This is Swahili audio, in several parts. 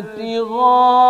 ابتغاء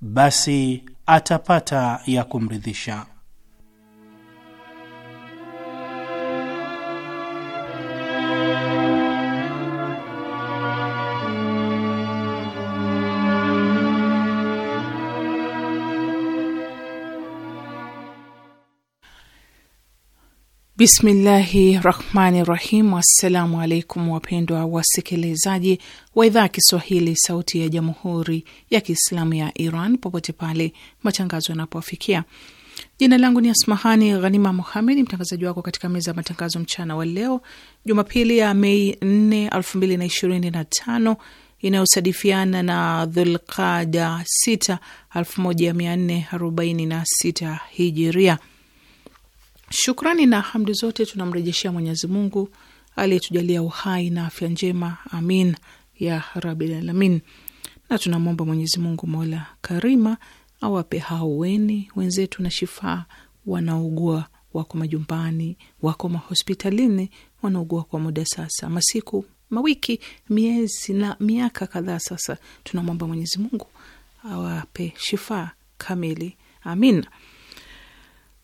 basi atapata ya kumridhisha. Bismillahi rahmani rahim. Assalamu alaikum wapendwa wasikilizaji wa idhaa ya Kiswahili sauti ya jamhuri ya Kiislamu ya Iran popote pale matangazo yanapofikia. Jina langu ni Asmahani Ghanima Muhamedi, mtangazaji wako katika meza ya matangazo mchana wa leo Jumapili ya Mei 4, 2025 inayosadifiana na Dhulqada 6, 1446 hijiria Shukrani na hamdi zote tunamrejeshea Mwenyezi Mungu aliyetujalia uhai na afya njema, amin ya rabil alamin. Na tunamwomba Mwenyezi Mungu mola karima awape weni wenzetu na shifaa wanaougua wako majumbani, wako mahospitalini, wanaugua kwa muda sasa, masiku, mawiki, miezi na miaka kadhaa sasa. Tunamwomba Mwenyezi Mungu awape shifaa kamili, amina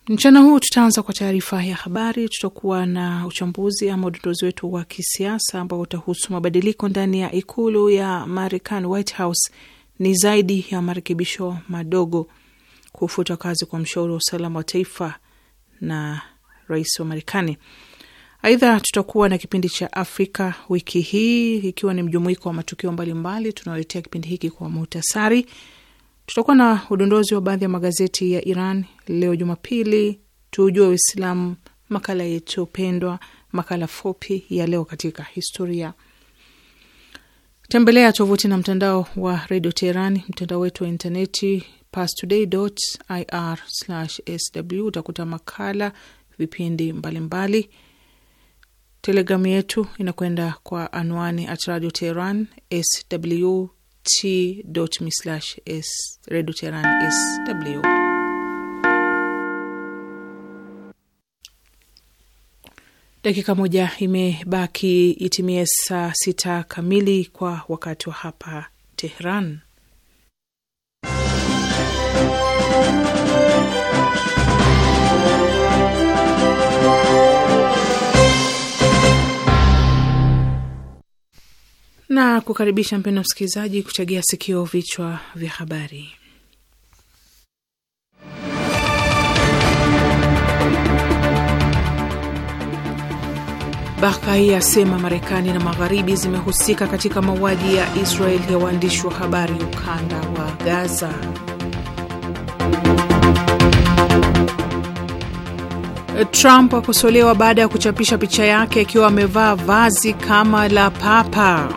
Mchana huu tutaanza kwa taarifa ya habari. Tutakuwa na uchambuzi ama udondozi wetu wa kisiasa ambao utahusu mabadiliko ndani ya ikulu ya Marekani, White House ni zaidi ya marekebisho madogo, kufutwa kazi kwa mshauri wa usalama wa taifa na rais wa Marekani. Aidha, tutakuwa na kipindi cha Afrika wiki hii, ikiwa ni mjumuiko wa matukio mbalimbali. tunaoletea kipindi hiki kwa muhtasari Tutakuwa na udondozi wa baadhi ya magazeti ya Iran leo Jumapili, tujue Uislamu, makala yetu pendwa, makala fupi ya leo katika historia. Tembelea tovuti na mtandao wa redio Teheran, mtandao wetu wa intaneti pastoday.ir/sw. Utakuta makala, vipindi mbalimbali. Telegramu yetu inakwenda kwa anwani at radio teheran sw t.me slash redio Teheran sw. Dakika moja imebaki itimie saa sita kamili kwa wakati wa hapa Tehran. na kukaribisha mpendo msikilizaji kuchagia sikio vichwa vya habari. Bakai asema Marekani na magharibi zimehusika katika mauaji ya Israel ya waandishi wa habari ukanda wa Gaza. Trump akosolewa baada ya kuchapisha picha yake akiwa amevaa vazi kama la papa.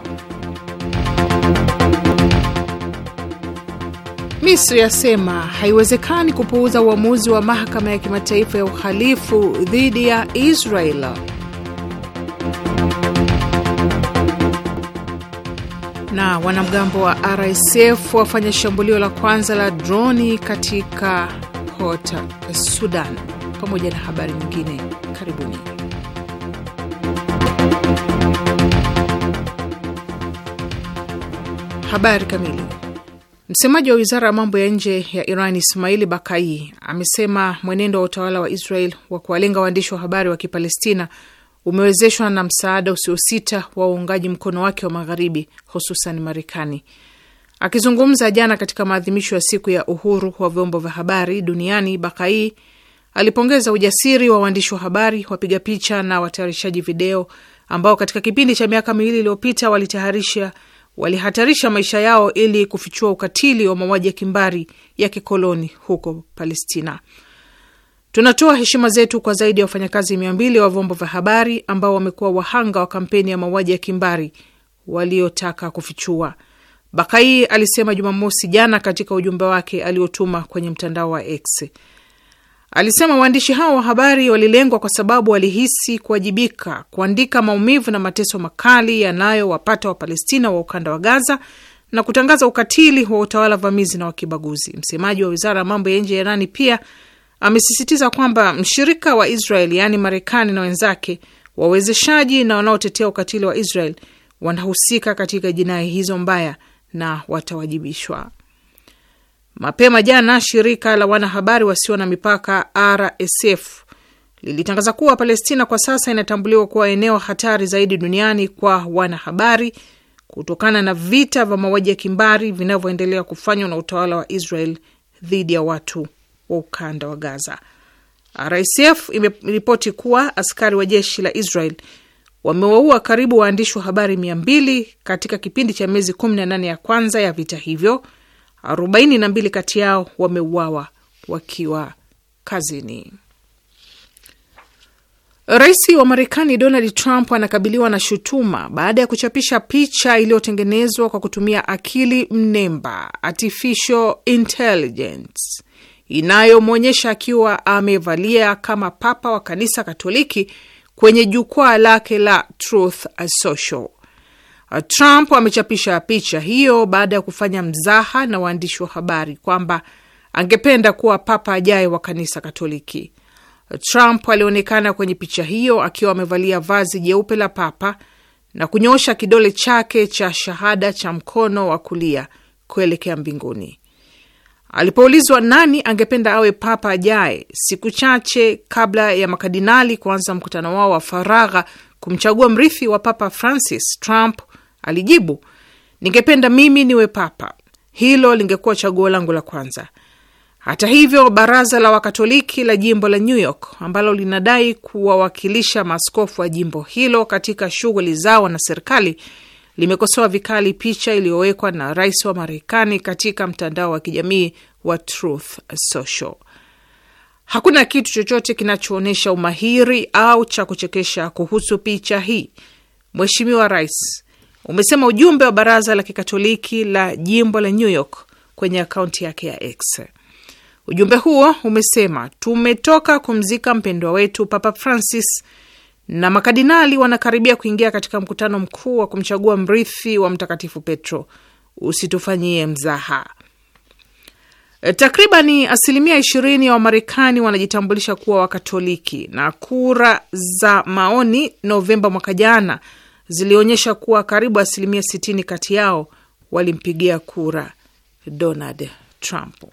Misri yasema haiwezekani kupuuza uamuzi wa mahakama ya kimataifa ya uhalifu dhidi ya Israel. Na wanamgambo wa RSF wafanya shambulio la kwanza la droni katika Port Sudan, pamoja na habari nyingine. Karibuni. Habari kamili Msemaji wa wizara ya mambo ya nje ya Iran Ismaili Bakai amesema mwenendo wa utawala wa Israel wa kuwalenga waandishi wa habari wa Kipalestina umewezeshwa na msaada usiosita wa uungaji mkono wake wa Magharibi, hususan Marekani. Akizungumza jana katika maadhimisho ya siku ya uhuru wa vyombo vya habari duniani, Bakai alipongeza ujasiri wa waandishi wa habari, wapiga picha na watayarishaji video ambao katika kipindi cha miaka miwili iliyopita walitayarisha walihatarisha maisha yao ili kufichua ukatili wa mauaji ya kimbari ya kikoloni huko Palestina. Tunatoa heshima zetu kwa zaidi ya wafanyakazi mia mbili wa vyombo vya habari ambao wamekuwa wahanga wa kampeni ya mauaji ya kimbari waliotaka kufichua, Bakai alisema Jumamosi jana katika ujumbe wake aliotuma kwenye mtandao wa X. Alisema waandishi hao wa habari walilengwa kwa sababu walihisi kuwajibika kuandika maumivu na mateso makali yanayowapata Wapalestina wa ukanda wa Gaza na kutangaza ukatili wa utawala vamizi na wakibaguzi. Msemaji wa wizara ya mambo ya nje ya Irani pia amesisitiza kwamba mshirika wa Israel yaani Marekani na wenzake, wawezeshaji na wanaotetea ukatili wa Israel wanahusika katika jinai hizo mbaya na watawajibishwa. Mapema jana shirika la wanahabari wasio na mipaka RSF lilitangaza kuwa Palestina kwa sasa inatambuliwa kuwa eneo hatari zaidi duniani kwa wanahabari kutokana na vita vya mauaji ya kimbari vinavyoendelea kufanywa na utawala wa Israel dhidi ya watu wa ukanda wa Gaza. RSF imeripoti kuwa askari wa jeshi la Israel wamewaua karibu waandishi wa habari 200 katika kipindi cha miezi 18 ya kwanza ya vita hivyo arobaini na mbili kati yao wameuawa wakiwa kazini. Rais wa Marekani Donald Trump anakabiliwa na shutuma baada ya kuchapisha picha iliyotengenezwa kwa kutumia akili mnemba artificial intelligence inayomwonyesha akiwa amevalia kama papa wa kanisa Katoliki kwenye jukwaa lake la Truth Social. Uh, Trump amechapisha picha hiyo baada ya kufanya mzaha na waandishi wa habari kwamba angependa kuwa papa ajaye wa kanisa Katoliki. Uh, Trump alionekana kwenye picha hiyo akiwa amevalia vazi jeupe la papa na kunyosha kidole chake cha shahada cha mkono wa kulia kuelekea mbinguni. Alipoulizwa nani angependa awe papa ajaye, siku chache kabla ya makadinali kuanza mkutano wao wa faragha kumchagua mrithi wa Papa Francis, Trump Alijibu, ningependa mimi niwe papa, hilo lingekuwa chaguo langu la kwanza. Hata hivyo, baraza la Wakatoliki la jimbo la New York ambalo linadai kuwawakilisha maaskofu wa jimbo hilo katika shughuli zao na serikali limekosoa vikali picha iliyowekwa na rais wa Marekani katika mtandao wa kijamii wa Truth Social. Hakuna kitu chochote kinachoonyesha umahiri au cha kuchekesha kuhusu picha hii. Mheshimiwa Rais, umesema ujumbe wa baraza la kikatoliki la jimbo la New York kwenye akaunti yake ya X. Ujumbe huo umesema, tumetoka kumzika mpendwa wetu Papa Francis na makardinali wanakaribia kuingia katika mkutano mkuu wa kumchagua mrithi wa Mtakatifu Petro. Usitufanyie mzaha. E, takribani asilimia ishirini ya Wamarekani wanajitambulisha kuwa Wakatoliki, na kura za maoni Novemba mwaka jana zilionyesha kuwa karibu asilimia 60 kati yao walimpigia kura Donald Trump.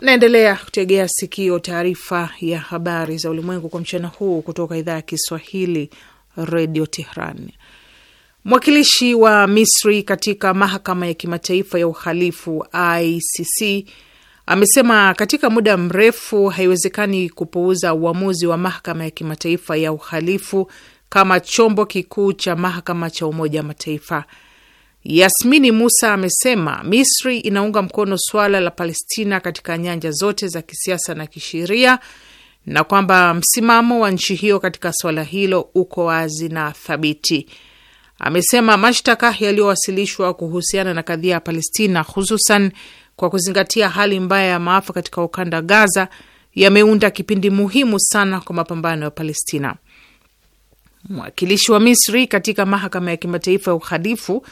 Naendelea kutegea sikio taarifa ya habari za ulimwengu kwa mchana huu kutoka idhaa ya Kiswahili Redio Tehran. Mwakilishi wa Misri katika mahakama ya kimataifa ya uhalifu ICC amesema katika muda mrefu haiwezekani kupuuza uamuzi wa mahakama ya kimataifa ya uhalifu kama chombo kikuu cha mahakama cha Umoja wa Mataifa. Yasmini Musa amesema Misri inaunga mkono suala la Palestina katika nyanja zote za kisiasa na kisheria na kwamba msimamo wa nchi hiyo katika suala hilo uko wazi na thabiti. Amesema mashtaka yaliyowasilishwa kuhusiana na kadhia ya Palestina, hususan kwa kuzingatia hali mbaya ya maafa katika ukanda Gaza, yameunda kipindi muhimu sana kwa mapambano ya Palestina. Mwakilishi wa Misri katika mahakama ya kimataifa ya uhalifu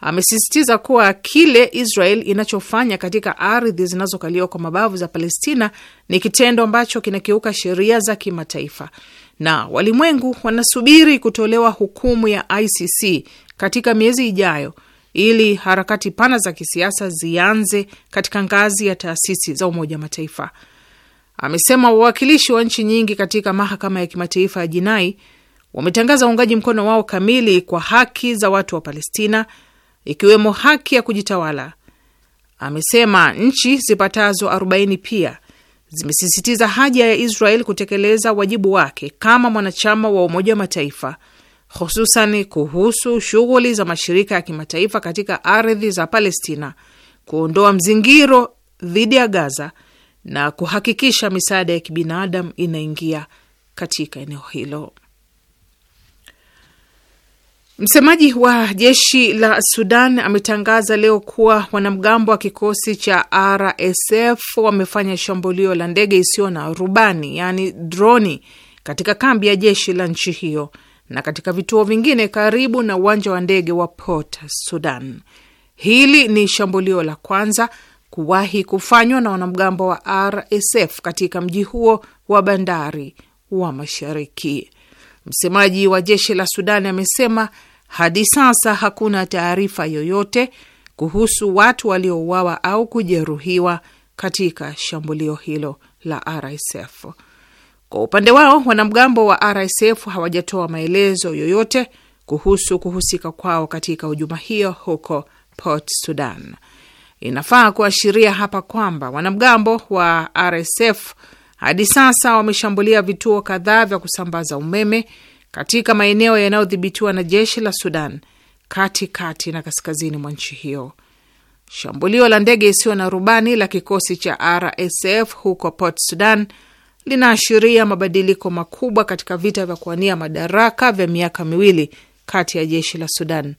amesisitiza kuwa kile Israel inachofanya katika ardhi zinazokaliwa kwa mabavu za Palestina ni kitendo ambacho kinakiuka sheria za kimataifa, na walimwengu wanasubiri kutolewa hukumu ya ICC katika miezi ijayo ili harakati pana za kisiasa zianze katika ngazi ya taasisi za Umoja wa Mataifa. Amesema wawakilishi wa nchi nyingi katika mahakama ya kimataifa ya jinai wametangaza uungaji mkono wao kamili kwa haki za watu wa Palestina, ikiwemo haki ya kujitawala. Amesema nchi zipatazo 40 pia zimesisitiza haja ya Israel kutekeleza wajibu wake kama mwanachama wa Umoja wa Mataifa, hususan kuhusu shughuli za mashirika ya kimataifa katika ardhi za Palestina, kuondoa mzingiro dhidi ya Gaza na kuhakikisha misaada ya kibinadamu inaingia katika eneo hilo. Msemaji wa jeshi la Sudan ametangaza leo kuwa wanamgambo wa kikosi cha RSF wamefanya shambulio la ndege isiyo na rubani, yaani droni, katika kambi ya jeshi la nchi hiyo na katika vituo vingine karibu na uwanja wa ndege wa Port Sudan. Hili ni shambulio la kwanza kuwahi kufanywa na wanamgambo wa RSF katika mji huo wa bandari wa mashariki. Msemaji wa jeshi la Sudani amesema hadi sasa hakuna taarifa yoyote kuhusu watu waliouawa au kujeruhiwa katika shambulio hilo la RSF. Kwa upande wao, wanamgambo wa RSF hawajatoa maelezo yoyote kuhusu kuhusika kwao katika hujuma hiyo huko Port Sudan. Inafaa kuashiria hapa kwamba wanamgambo wa RSF hadi sasa wameshambulia vituo kadhaa vya kusambaza umeme katika maeneo yanayodhibitiwa na jeshi la Sudan katikati kati na kaskazini mwa nchi hiyo. Shambulio la ndege isiyo na rubani la kikosi cha RSF huko Port Sudan linaashiria mabadiliko makubwa katika vita vya kuwania madaraka vya miaka miwili kati ya jeshi la Sudan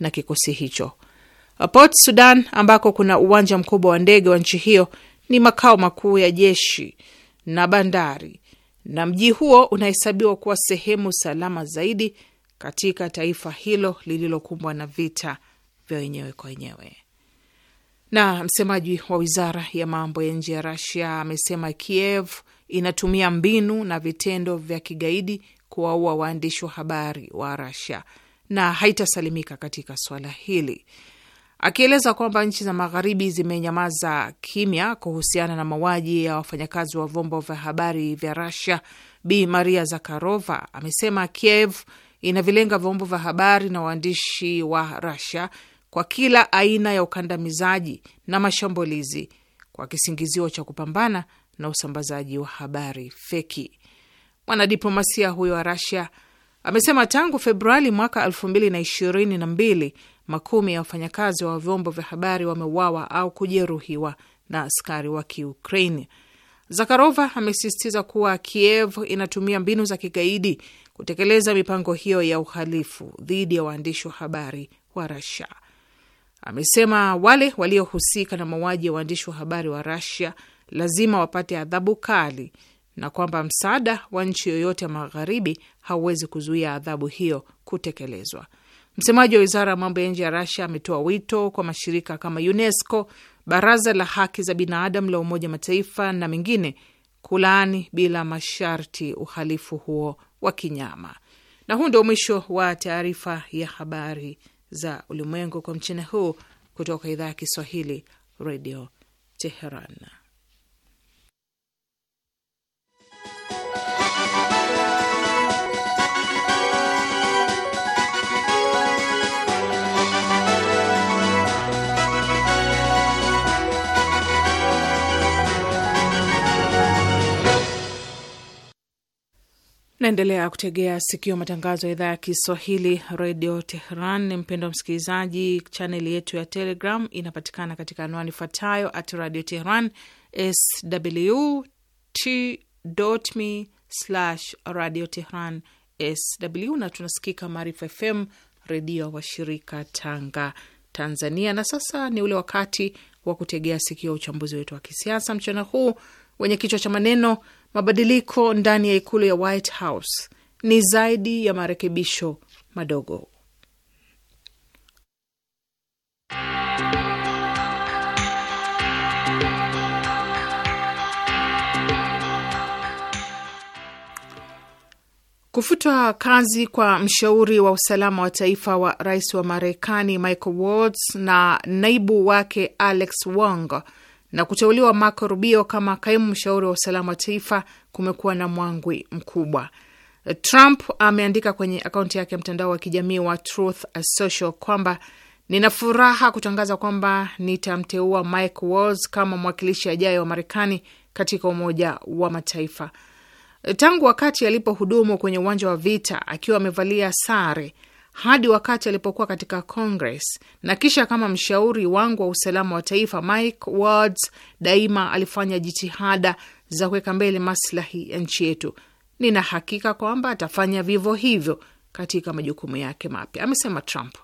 na kikosi hicho. Port Sudan ambako kuna uwanja mkubwa wa ndege wa nchi hiyo ni makao makuu ya jeshi na bandari, na mji huo unahesabiwa kuwa sehemu salama zaidi katika taifa hilo lililokumbwa na vita vya wenyewe kwa wenyewe. Na msemaji wa wizara ya mambo ya nje ya Rasia amesema Kiev inatumia mbinu na vitendo vya kigaidi kuwaua waandishi wa habari wa Rasia na haitasalimika katika swala hili akieleza kwamba nchi za magharibi zimenyamaza kimya kuhusiana na mauaji ya wafanyakazi wa vyombo vya habari vya rasia Bi Maria Zakharova amesema Kiev inavilenga vyombo vya habari na waandishi wa rasia kwa kila aina ya ukandamizaji na mashambulizi kwa kisingizio cha kupambana na usambazaji wa habari feki. Mwanadiplomasia huyo wa rasia amesema tangu Februari mwaka elfu mbili na ishirini na mbili makumi ya wafanyakazi wa vyombo vya habari wameuawa au kujeruhiwa na askari wa Kiukraini. Zakarova amesisitiza kuwa Kiev inatumia mbinu za kigaidi kutekeleza mipango hiyo ya uhalifu dhidi ya waandishi wa habari wa Rasia. Amesema wale waliohusika na mauaji ya waandishi wa habari wa Rasia lazima wapate adhabu kali na kwamba msaada wa nchi yoyote ya magharibi hauwezi kuzuia adhabu hiyo kutekelezwa. Msemaji wa wizara ya mambo ya nje ya Rasia ametoa wito kwa mashirika kama UNESCO, baraza la haki za binadamu la Umoja wa Mataifa na mengine kulaani bila masharti uhalifu huo wa kinyama. Na huu ndio mwisho wa taarifa ya habari za ulimwengu kwa mchana huu kutoka idhaa ya Kiswahili, Redio Teheran. Naendelea kutegea sikio matangazo ya idhaa ya Kiswahili redio Tehran. Mpendo wa msikilizaji, chaneli yetu ya Telegram inapatikana katika anwani ifuatayo at radio Tehran sw slash radio Tehran sw, na tunasikika Maarifa FM redio washirika Tanga, Tanzania. Na sasa ni ule wakati wa kutegea sikio uchambuzi wetu wa kisiasa mchana huu wenye kichwa cha maneno Mabadiliko ndani ya ikulu ya White House ni zaidi ya marekebisho madogo. Kufutwa kazi kwa mshauri wa usalama wa taifa wa rais wa Marekani Michael Waltz na naibu wake Alex Wong na kuteuliwa Marco Rubio kama kaimu mshauri wa usalama wa taifa kumekuwa na mwangwi mkubwa. Trump ameandika kwenye akaunti yake ya mtandao wa kijamii wa Truth Social kwamba nina furaha kutangaza kwamba nitamteua Mike Walls kama mwakilishi ajayo wa Marekani katika Umoja wa Mataifa. Tangu wakati alipohudumu kwenye uwanja wa vita akiwa amevalia sare hadi wakati alipokuwa katika Congress na kisha kama mshauri wangu wa usalama wa taifa Mike Wards, daima alifanya jitihada za kuweka mbele maslahi ya nchi yetu. Nina hakika kwamba atafanya vivyo hivyo katika majukumu yake mapya, amesema Trump.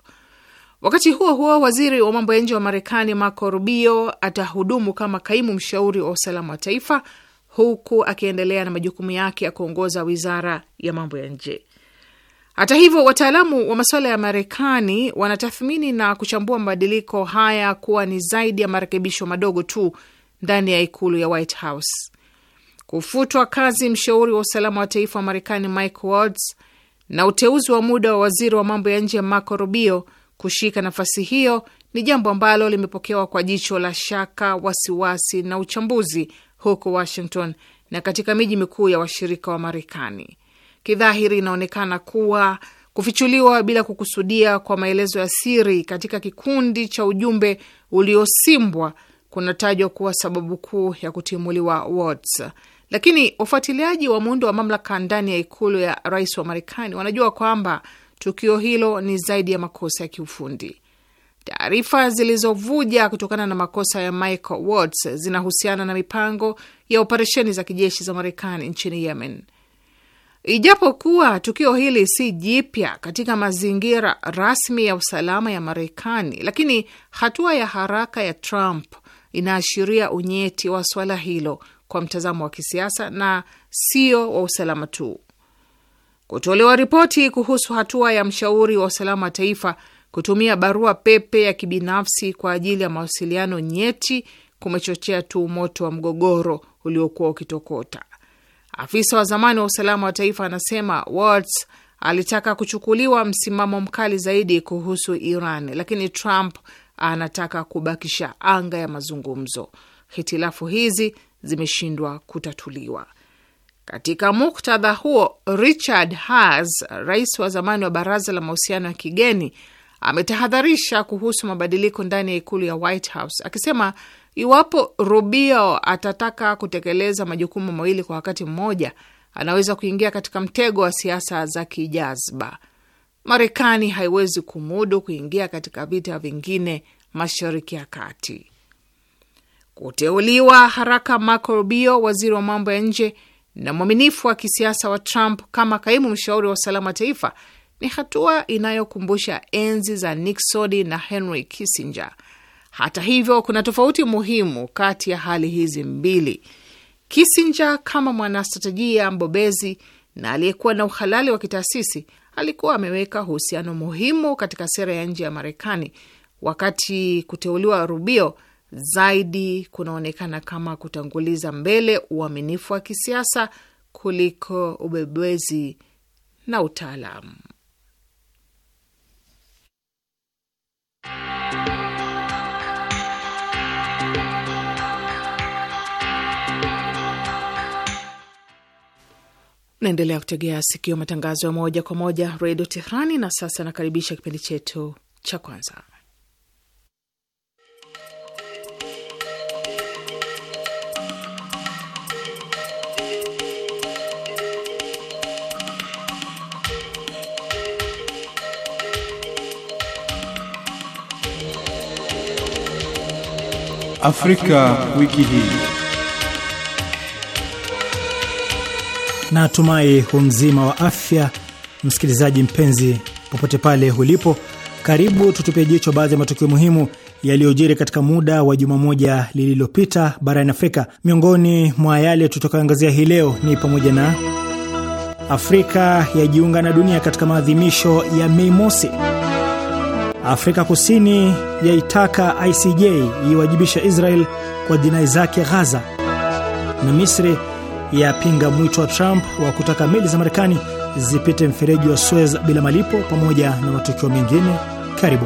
Wakati huo huo, waziri wa mambo ya nje wa Marekani Marco Rubio atahudumu kama kaimu mshauri wa usalama wa taifa huku akiendelea na majukumu yake ya kuongoza wizara ya mambo ya nje. Hata hivyo, wataalamu wa masuala ya Marekani wanatathmini na kuchambua mabadiliko haya kuwa ni zaidi ya marekebisho madogo tu ndani ya ikulu ya White House. Kufutwa kazi mshauri wa usalama wa taifa wa Marekani Mike Waltz na uteuzi wa muda wa waziri wa mambo ya nje Marco Rubio kushika nafasi hiyo ni jambo ambalo limepokewa kwa jicho la shaka, wasiwasi na uchambuzi huko Washington na katika miji mikuu ya washirika wa Marekani kidhahiri inaonekana kuwa kufichuliwa bila kukusudia kwa maelezo ya siri katika kikundi cha ujumbe uliosimbwa kunatajwa kuwa sababu kuu ya kutimuliwa Watts. Lakini wafuatiliaji wa muundo wa mamlaka ndani ya ikulu ya rais wa Marekani wanajua kwamba tukio hilo ni zaidi ya makosa ya kiufundi. Taarifa zilizovuja kutokana na makosa ya Michael Watts zinahusiana na mipango ya operesheni za kijeshi za Marekani nchini Yemen. Ijapokuwa tukio hili si jipya katika mazingira rasmi ya usalama ya Marekani, lakini hatua ya haraka ya Trump inaashiria unyeti wa swala hilo kwa mtazamo wa kisiasa na sio wa usalama tu. Kutolewa ripoti kuhusu hatua ya mshauri wa usalama wa taifa kutumia barua pepe ya kibinafsi kwa ajili ya mawasiliano nyeti kumechochea tu moto wa mgogoro uliokuwa ukitokota. Afisa wa zamani wa usalama wa taifa anasema Waltz alitaka kuchukuliwa msimamo mkali zaidi kuhusu Iran, lakini Trump anataka kubakisha anga ya mazungumzo. Hitilafu hizi zimeshindwa kutatuliwa. Katika muktadha huo, Richard Haas, rais wa zamani wa baraza la mahusiano ya kigeni, ametahadharisha kuhusu mabadiliko ndani ya ikulu ya White House akisema Iwapo Rubio atataka kutekeleza majukumu mawili kwa wakati mmoja, anaweza kuingia katika mtego wa siasa za kijazba. Marekani haiwezi kumudu kuingia katika vita vingine mashariki ya kati. Kuteuliwa haraka Marco Rubio, waziri wa mambo ya nje na mwaminifu wa kisiasa wa Trump, kama kaimu mshauri wa usalama taifa ni hatua inayokumbusha enzi za Nixon na Henry Kissinger hata hivyo, kuna tofauti muhimu kati ya hali hizi mbili. Kissinger kama mwanastratejia mbobezi na aliyekuwa na uhalali wa kitaasisi alikuwa ameweka uhusiano muhimu katika sera ya nje ya Marekani, wakati kuteuliwa Rubio zaidi kunaonekana kama kutanguliza mbele uaminifu wa kisiasa kuliko ubebezi na utaalamu. Naendelea kutegea sikio matangazo ya moja kwa moja redio Tehrani. Na sasa nakaribisha kipindi chetu cha kwanza, Afrika wiki hii. na tumai umzima wa afya. Msikilizaji mpenzi, popote pale ulipo, karibu tutupie jicho baadhi ya matukio muhimu yaliyojiri katika muda wa juma moja lililopita barani Afrika. Miongoni mwa yale tutakayoangazia hii leo ni pamoja na Afrika yajiunga na dunia katika maadhimisho ya Mei Mosi, Afrika Kusini yaitaka ICJ iiwajibisha Israel kwa jinai zake Ghaza, na Misri yapinga mwito wa Trump wa kutaka meli za Marekani zipite mfereji wa Suez bila malipo, pamoja na matukio mengine. Karibu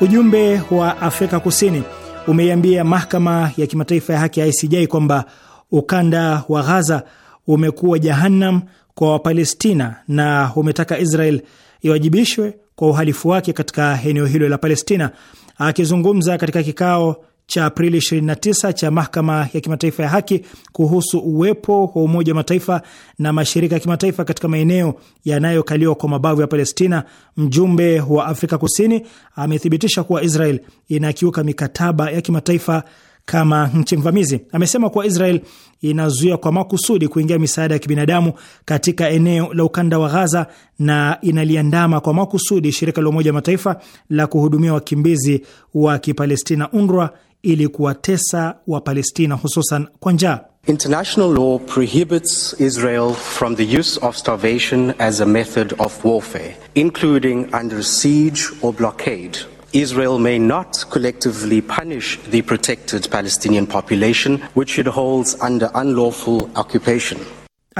ujumbe wa Afrika Kusini umeiambia mahakama ya kimataifa ya haki ya ICJ kwamba ukanda wa Ghaza umekuwa jahannam kwa Wapalestina na umetaka Israel iwajibishwe kwa uhalifu wake katika eneo hilo la Palestina. Akizungumza katika kikao cha Aprili 29 cha mahakama ya kimataifa ya haki kuhusu uwepo wa Umoja wa Mataifa na mashirika ya kimataifa katika maeneo yanayokaliwa kwa mabavu ya Palestina, mjumbe wa Afrika Kusini amethibitisha kuwa Israel inakiuka mikataba ya kimataifa kama nchi mvamizi. Amesema kuwa Israel inazuia kwa makusudi kuingia misaada ya kibinadamu katika eneo la ukanda wa Ghaza na inaliandama kwa makusudi shirika la Umoja wa Mataifa la kuhudumia wakimbizi wa Kipalestina, UNRWA, ili kuwatesa wa Palestina hususan kwa njaa. International law prohibits Israel from the use of starvation as a method of warfare, including under siege or blockade. Israel may not collectively punish the protected Palestinian population which it holds under unlawful occupation.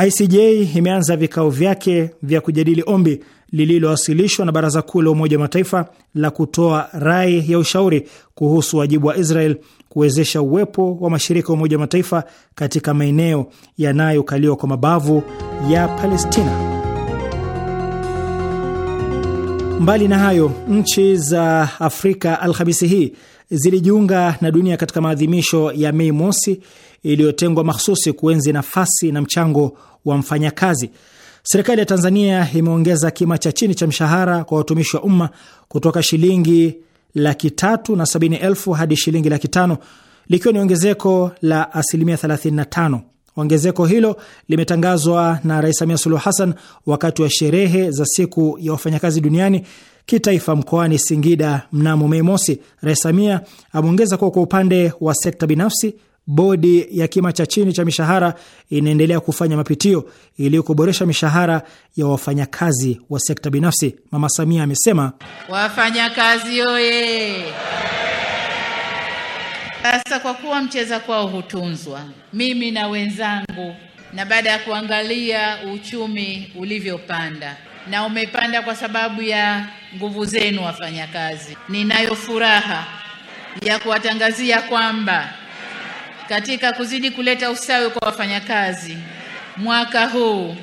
ICJ imeanza vikao vyake vya kujadili ombi lililowasilishwa na Baraza Kuu la Umoja wa Mataifa la kutoa rai ya ushauri kuhusu wajibu wa Israel kuwezesha uwepo wa mashirika ya Umoja wa Mataifa katika maeneo yanayokaliwa kwa mabavu ya Palestina. Mbali na hayo, nchi za Afrika Alhamisi hii zilijiunga na dunia katika maadhimisho ya Mei Mosi iliyotengwa mahsusi kuenzi nafasi na mchango wa mfanyakazi. Serikali ya Tanzania imeongeza kima cha chini cha mshahara kwa watumishi wa umma kutoka shilingi laki tatu na sabini elfu hadi shilingi laki tano likiwa ni ongezeko la asilimia 35. Ongezeko hilo limetangazwa na Rais Samia Suluhu Hassan wakati wa sherehe za siku ya wafanyakazi duniani kitaifa mkoani Singida mnamo Mei Mosi. Rais Samia ameongeza kuwa kwa upande wa sekta binafsi Bodi ya kima cha chini cha mishahara inaendelea kufanya mapitio ili kuboresha mishahara ya wafanyakazi wa sekta binafsi. Mama Samia amesema wafanyakazi oye! Sasa kwa kuwa mcheza kwao hutunzwa, mimi na wenzangu, na baada ya kuangalia uchumi ulivyopanda na umepanda kwa sababu ya nguvu zenu wafanyakazi, ninayo furaha ya kuwatangazia kwamba katika kuzidi kuleta usawi kwa wafanyakazi. Mwaka huu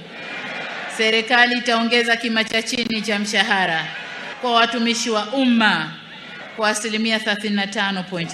serikali itaongeza kima cha chini cha mshahara kwa watumishi wa umma kwa asilimia 35.1.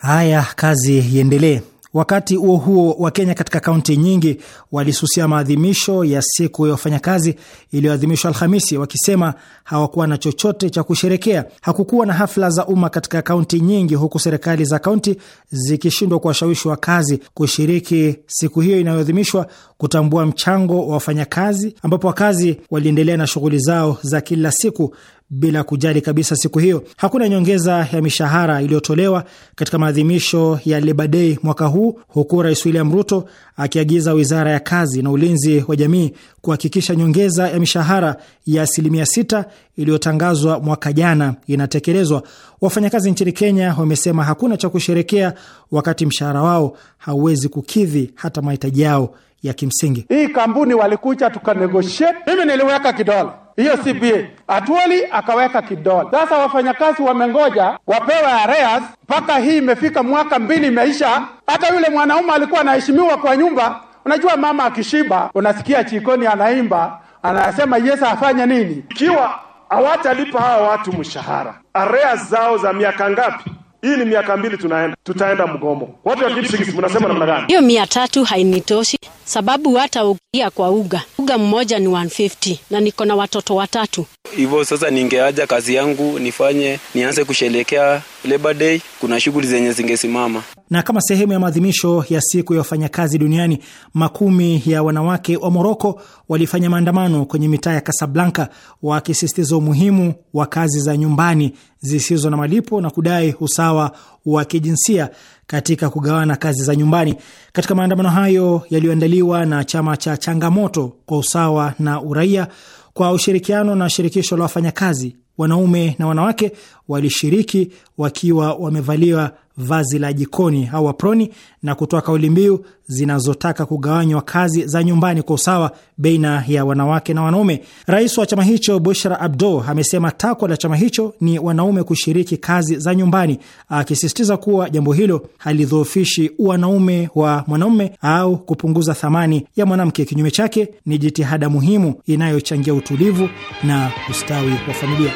Haya, kazi iendelee. Wakati huo huo, Wakenya katika kaunti nyingi walisusia maadhimisho ya siku ya wafanyakazi iliyoadhimishwa Alhamisi, wakisema hawakuwa na chochote cha kusherekea. Hakukuwa na hafla za umma katika kaunti nyingi, huku serikali za kaunti zikishindwa kuwashawishi wakazi kushiriki siku hiyo inayoadhimishwa kutambua mchango wa wafanyakazi, ambapo wakazi waliendelea na shughuli zao za kila siku bila kujali kabisa siku hiyo. Hakuna nyongeza ya mishahara iliyotolewa katika maadhimisho ya Labour Day mwaka huu, huku Rais William Ruto akiagiza Wizara ya Kazi na Ulinzi wa Jamii kuhakikisha nyongeza ya mishahara ya asilimia sita iliyotangazwa mwaka jana inatekelezwa. Wafanyakazi nchini Kenya wamesema hakuna cha kusherekea wakati mshahara wao hauwezi kukidhi hata mahitaji yao ya kimsingi. Hii kampuni walikuja tukanegotiate, mimi niliweka kidole hiyo CBA Atuoli akaweka kidole. Sasa wafanyakazi wamengoja wapewe areas mpaka hii imefika mwaka mbili imeisha. Hata yule mwanaume alikuwa anaheshimiwa kwa nyumba. Unajua, mama akishiba, unasikia chikoni anaimba, anasema Yesu afanye nini? Ikiwa hawatalipa hawa watu mshahara, areas zao za miaka ngapi? Hii ni miaka mbili tunaenda, tutaenda mgomo watu wa Kipsigis. Mnasema namna gani? Hiyo mia tatu hainitoshi, sababu hata ukia kwa uga uga mmoja ni 150 na niko na watoto watatu. Hivyo sasa, ningeaja kazi yangu nifanye, nianze kusherekea Labor Day. Kuna shughuli zenye zingesimama. Na kama sehemu ya maadhimisho ya siku ya wafanyakazi duniani, makumi ya wanawake wa Moroko walifanya maandamano kwenye mitaa ya Kasablanka, wakisisitiza umuhimu wa kazi za nyumbani zisizo na malipo na kudai usawa wa kijinsia katika kugawana kazi za nyumbani. Katika maandamano hayo yaliyoandaliwa na chama cha Changamoto kwa Usawa na Uraia kwa ushirikiano na shirikisho la wafanyakazi, wanaume na wanawake walishiriki wakiwa wamevaliwa vazi la jikoni au aproni na kutoa kauli mbiu zinazotaka kugawanywa kazi za nyumbani kwa usawa baina ya wanawake na wanaume. Rais wa chama hicho Bushra Abdo amesema takwa la chama hicho ni wanaume kushiriki kazi za nyumbani, akisisitiza kuwa jambo hilo halidhoofishi wanaume wa mwanaume au kupunguza thamani ya mwanamke. Kinyume chake, ni jitihada muhimu inayochangia utulivu na ustawi wa familia.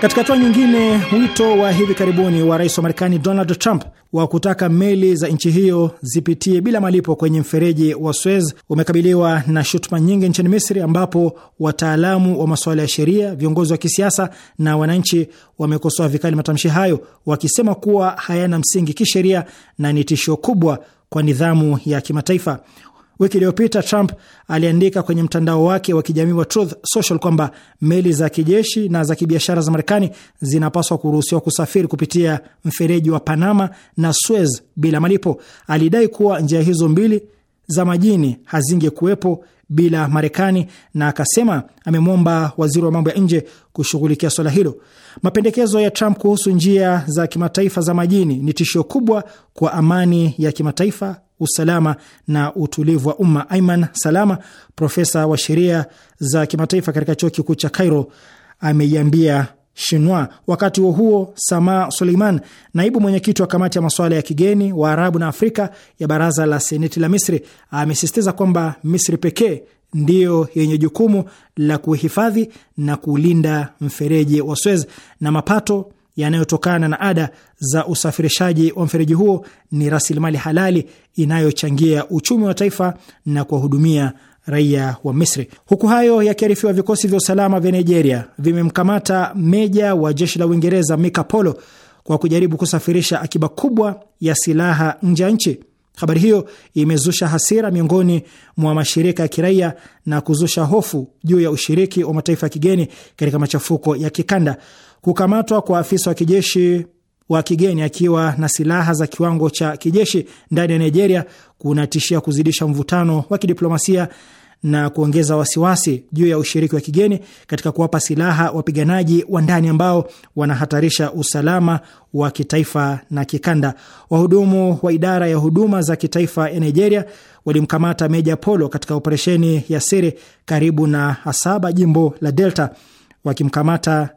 Katika hatua nyingine, wito wa hivi karibuni wa rais wa Marekani Donald Trump wa kutaka meli za nchi hiyo zipitie bila malipo kwenye mfereji wa Suez umekabiliwa na shutuma nyingi nchini Misri, ambapo wataalamu wa masuala ya sheria, viongozi wa kisiasa na wananchi wamekosoa vikali matamshi hayo, wakisema kuwa hayana msingi kisheria na ni tishio kubwa kwa nidhamu ya kimataifa. Wiki iliyopita Trump aliandika kwenye mtandao wake wa kijamii wa Truth Social kwamba meli za kijeshi na za kibiashara za Marekani zinapaswa kuruhusiwa kusafiri kupitia mfereji wa Panama na Suez bila malipo. Alidai kuwa njia hizo mbili za majini hazingekuwepo bila Marekani na akasema amemwomba waziri wa mambo ya nje kushughulikia swala hilo. Mapendekezo ya Trump kuhusu njia za kimataifa za majini ni tishio kubwa kwa amani ya kimataifa usalama na utulivu wa umma. Aiman Salama, profesa wa sheria za kimataifa katika chuo kikuu cha Cairo, ameiambia Shinwa. Wakati huo huo, Sama Suleiman, naibu mwenyekiti wa kamati ya masuala ya kigeni wa Arabu na Afrika ya baraza la seneti la Misri, amesisitiza kwamba Misri pekee ndiyo yenye jukumu la kuhifadhi na kulinda mfereji wa Suez na mapato yanayotokana na ada za usafirishaji wa mfereji huo ni rasilimali halali inayochangia uchumi wa taifa na kuwahudumia raia wa Misri. Huku hayo yakiarifiwa, vikosi vya usalama vya Nigeria vimemkamata meja wa jeshi la Uingereza Mika Polo kwa kujaribu kusafirisha akiba kubwa ya silaha nje ya nchi. Habari hiyo imezusha hasira miongoni mwa mashirika ya kiraia na kuzusha hofu juu ya ushiriki wa mataifa ya kigeni katika machafuko ya kikanda. Kukamatwa kwa afisa wa kijeshi wa kigeni akiwa na silaha za kiwango cha kijeshi ndani ya Nigeria kunatishia kuzidisha mvutano wa kidiplomasia na kuongeza wasiwasi juu ya ushiriki wa kigeni katika kuwapa silaha wapiganaji wa ndani ambao wanahatarisha usalama wa kitaifa na kikanda. Wahudumu wa idara ya huduma za kitaifa ya Nigeria walimkamata Meja Polo katika operesheni ya siri karibu na Asaba, jimbo la Delta, wakimkamata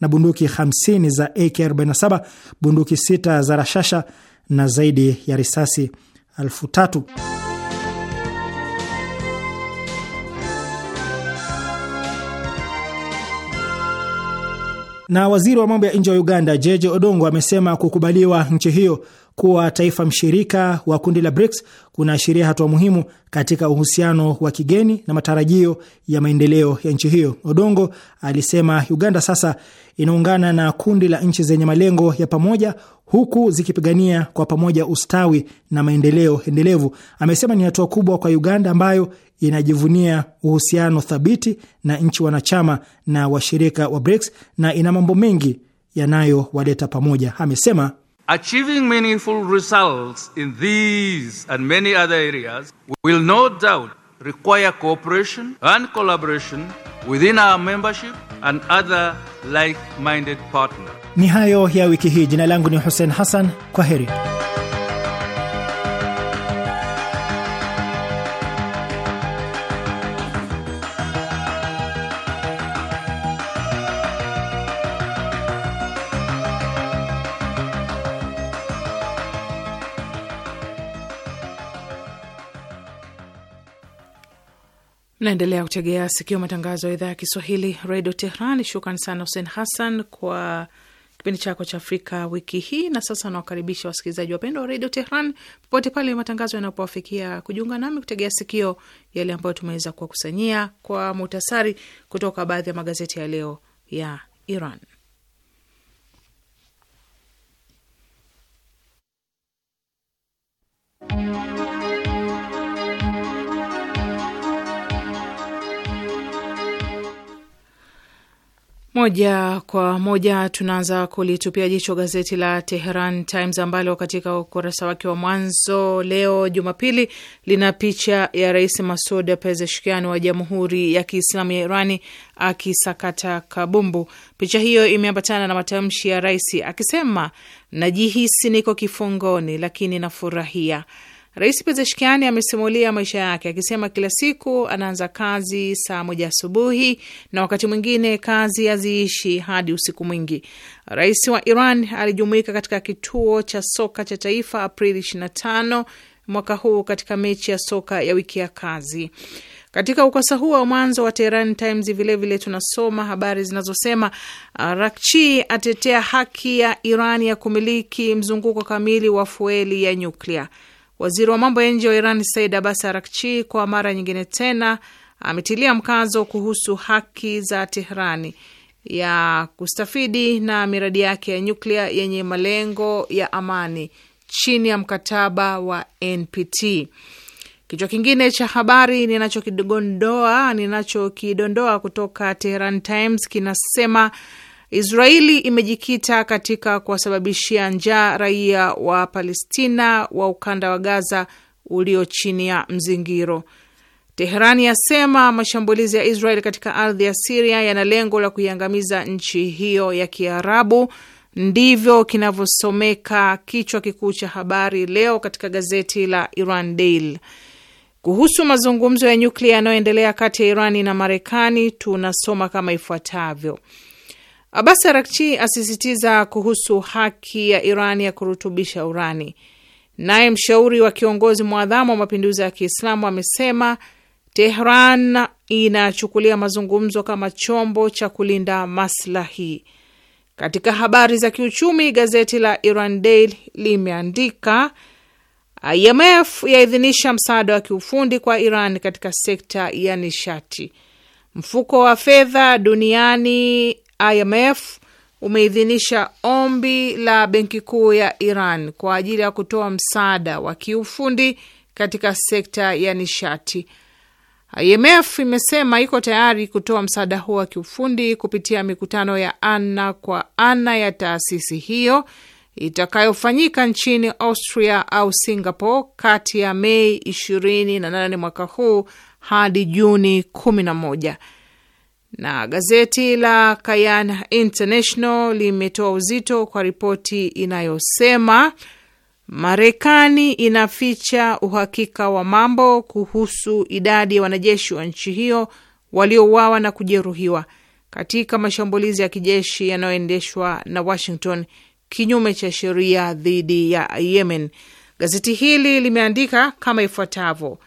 na bunduki 50 za AK47, bunduki sita za rashasha na zaidi ya risasi elfu tatu. Na waziri wa mambo ya nje wa Uganda Jeje Odongo amesema kukubaliwa nchi hiyo kuwa taifa mshirika wa kundi la BRICS kunaashiria hatua muhimu katika uhusiano wa kigeni na matarajio ya maendeleo ya nchi hiyo. Odongo alisema Uganda sasa inaungana na kundi la nchi zenye malengo ya pamoja, huku zikipigania kwa pamoja ustawi na maendeleo endelevu. Amesema ni hatua kubwa kwa Uganda ambayo inajivunia uhusiano thabiti na nchi wanachama na washirika wa BRICS na ina mambo mengi yanayowaleta pamoja, amesema. Achieving meaningful results in these and many other areas will no doubt require cooperation and collaboration within our membership and other like-minded partners. Ni hayo ya wiki hii. Jina langu ni Hussein Hassan. Kwa heri. naendelea kutegea sikio matangazo ya idhaa ya Kiswahili redio Tehran. Shukran sana Hussein Hassan kwa kipindi chako cha Afrika wiki hii. Na sasa nawakaribisha wasikilizaji wapendwa wa redio Tehran popote pale matangazo yanapowafikia kujiunga nami kutegea sikio yale ambayo tumeweza kuwakusanyia kwa muhtasari kutoka baadhi ya magazeti ya leo ya Iran. Moja kwa moja tunaanza kulitupia jicho gazeti la Teheran Times ambalo katika ukurasa wake wa mwanzo leo Jumapili lina picha ya Rais Masud Pezeshkian wa Jamhuri ya Kiislamu ya Irani akisakata kabumbu. Picha hiyo imeambatana na matamshi ya rais akisema, najihisi niko kifungoni, lakini nafurahia Rais Pezeshkiani amesimulia maisha yake akisema kila siku anaanza kazi saa moja asubuhi na wakati mwingine kazi haziishi hadi usiku mwingi. Rais wa Iran alijumuika katika kituo cha soka cha taifa Aprili 25 mwaka huu katika mechi ya soka ya wiki ya kazi. Katika ukosa huo wa mwanzo wa Tehran Times vilevile vile tunasoma habari zinazosema uh, Rakchi atetea haki ya Iran ya kumiliki mzunguko kamili wa fueli ya nyuklia. Waziri wa mambo ya nje wa Iran Said Abbas Arakchi kwa mara nyingine tena ametilia mkazo kuhusu haki za Tehrani ya kustafidi na miradi yake ya nyuklia yenye malengo ya amani chini ya mkataba wa NPT. Kichwa kingine cha habari ninachokidondoa ninachokidondoa kutoka Tehran Times kinasema Israeli imejikita katika kuwasababishia njaa raia wa Palestina wa ukanda wa Gaza ulio chini ya mzingiro. Teherani yasema mashambulizi ya Israeli katika ardhi ya Siria yana lengo la kuiangamiza nchi hiyo ya Kiarabu. Ndivyo kinavyosomeka kichwa kikuu cha habari leo katika gazeti la Iran Daily. Kuhusu mazungumzo ya nyuklia yanayoendelea kati ya Irani na Marekani tunasoma kama ifuatavyo: Abas Arakchi asisitiza kuhusu haki ya Iran ya kurutubisha urani. Naye mshauri wa kiongozi mwadhamu wa mapinduzi ya Kiislamu amesema Tehran inachukulia mazungumzo kama chombo cha kulinda maslahi. Katika habari za kiuchumi, gazeti la Iran Daily limeandika IMF yaidhinisha msaada wa kiufundi kwa Iran katika sekta ya nishati. Mfuko wa fedha duniani IMF umeidhinisha ombi la benki kuu ya Iran kwa ajili ya kutoa msaada wa kiufundi katika sekta ya nishati. IMF imesema iko tayari kutoa msaada huo wa kiufundi kupitia mikutano ya ana kwa ana ya taasisi hiyo itakayofanyika nchini Austria au Singapore kati ya Mei 28 mwaka huu hadi Juni 11. Na gazeti la Kayan International limetoa uzito kwa ripoti inayosema Marekani inaficha uhakika wa mambo kuhusu idadi ya wanajeshi wa nchi hiyo waliouawa na kujeruhiwa katika mashambulizi ya kijeshi yanayoendeshwa na Washington kinyume cha sheria dhidi ya Yemen. Gazeti hili limeandika kama ifuatavyo: